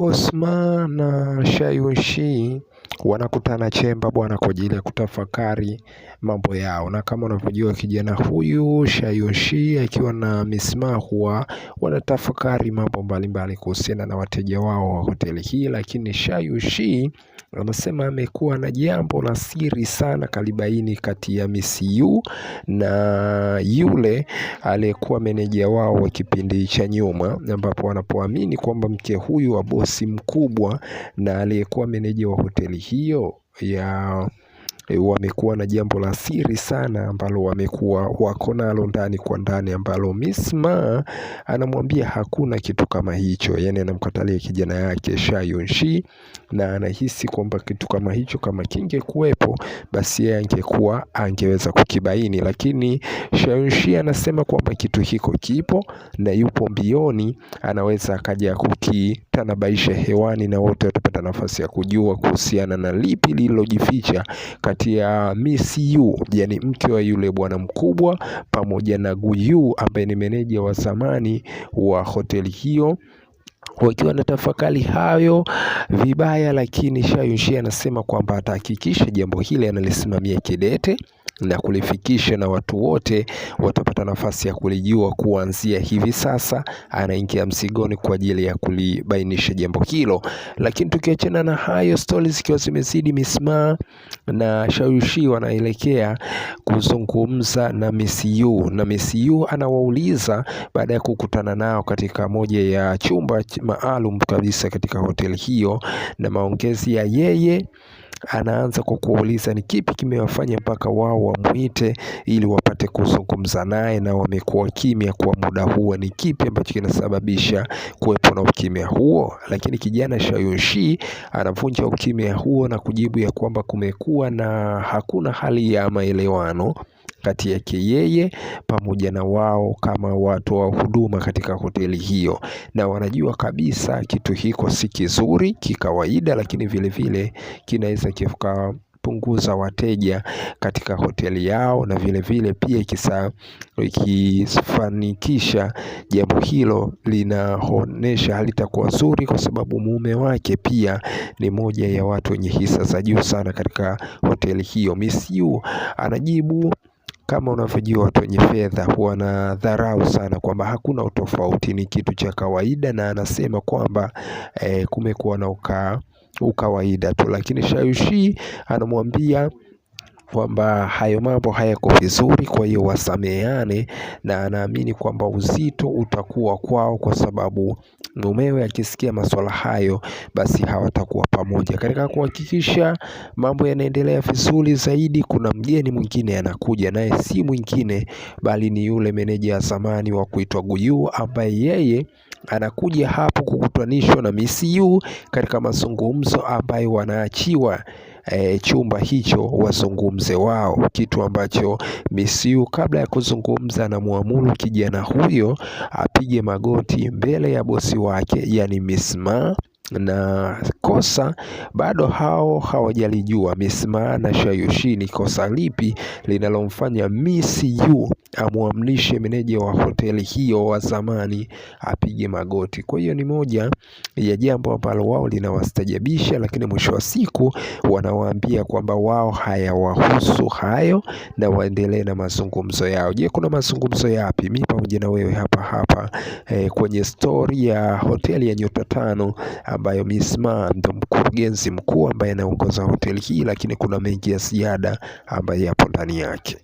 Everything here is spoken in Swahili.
Bosman na Chaiyunxi wanakutana chemba bwana, kwa ajili ya kutafakari mambo yao, na kama unavyojua kijana huyu Shayoshi akiwa na misimaa huwa wanatafakari mambo mbalimbali kuhusiana na wateja wao wa hoteli hii, lakini Shayoshi anasema amekuwa na jambo la siri sana kalibaini kati ya Misiu na yule aliyekuwa meneja wao wa kipindi cha nyuma, ambapo wanapoamini kwamba mke huyu wa bosi mkubwa na aliyekuwa meneja wa hoteli hii hiyo ya Eh, wamekuwa na jambo la siri sana ambalo wamekuwa wako nalo ndani kwa ndani, ambalo Miss Ma anamwambia hakuna kitu kama hicho, yani anamkatalia kijana yake Shayunshi, na anahisi kwamba kitu kama hicho kama kingekuwepo, basi yeye angekuwa angeweza kukibaini, lakini Shayunshi anasema kwamba kitu hiko kipo na yupo mbioni, anaweza akaja kukitanabaisha hewani na wote watapata nafasi ya kujua kuhusiana na lipi lililojificha kati ya MCU, yani mke wa yule bwana mkubwa, pamoja na Guyu ambaye ni meneja wa zamani wa hoteli hiyo wakiwa na tafakari hayo vibaya, lakini Shayunshi anasema kwamba atahakikisha jambo hili analisimamia kidete na kulifikisha, na watu wote watapata nafasi ya kulijua kuanzia hivi sasa. Anaingia msigoni kwa ajili ya kulibainisha jambo hilo. Lakini tukiachana na hayo, stori zikiwa zimezidi misimaa na Shawishi wanaelekea kuzungumza na MCU na MCU anawauliza baada ya kukutana nao katika moja ya chumba maalum kabisa katika hoteli hiyo, na maongezi ya yeye anaanza kwa kuwauliza ni kipi kimewafanya mpaka wao wamwite ili wapate kuzungumza naye, na wamekuwa kimya kwa muda huo, ni kipi ambacho kinasababisha kuwepo na ukimya huo? Lakini kijana Shayoshi anavunja ukimya huo na kujibu ya kwamba kumekuwa na hakuna hali ya maelewano kati yake yeye pamoja na wao kama watoa wa huduma katika hoteli hiyo, na wanajua kabisa kitu hiko si kizuri kikawaida, lakini vile vile kinaweza kikapunguza wateja katika hoteli yao, na vile vile pia ikifanikisha jambo hilo linaonesha halitakuwa zuri, kwa sababu mume wake pia ni moja ya watu wenye hisa za juu sana katika hoteli hiyo. Miss Yu anajibu kama unavyojua watu wenye fedha huwa na dharau sana kwamba hakuna utofauti, ni kitu cha kawaida, na anasema kwamba e, kumekuwa na ukaa ukawaida tu, lakini Shayushi anamwambia kwamba hayo mambo hayako vizuri, kwa hiyo wasameheane, na anaamini kwamba uzito utakuwa kwao, kwa sababu mumewe akisikia masuala hayo, basi hawatakuwa pamoja. Katika kuhakikisha mambo yanaendelea vizuri zaidi, kuna mgeni mwingine anakuja, naye si mwingine bali ni yule meneja ya zamani wa kuitwa Guyu, ambaye yeye anakuja hapo kukutanishwa na MCU katika mazungumzo ambayo wanaachiwa e, chumba hicho wazungumze wao, kitu ambacho Misiu kabla ya kuzungumza anamwamuru kijana huyo apige magoti mbele ya bosi wake, yani Misma na kosa bado hao hawajalijua Mismaa na Shayushi ni kosa lipi linalomfanya Yu amwamrishe meneja wa hoteli hiyo wa zamani apige magoti. Kwa hiyo ni moja ya jambo ambalo wao linawastajabisha, lakini mwisho wa siku wanawaambia kwamba wao hayawahusu hayo na waendelee na mazungumzo yao. Je, kuna mazungumzo yapi? Mi pamoja na wewe hapa hapa eh, kwenye stori ya hoteli ya nyota tano ambayo Misma ndo mkurugenzi mkuu ambaye anaongoza hoteli hii, lakini kuna mengi ya ziada ambayo yapo ndani yake.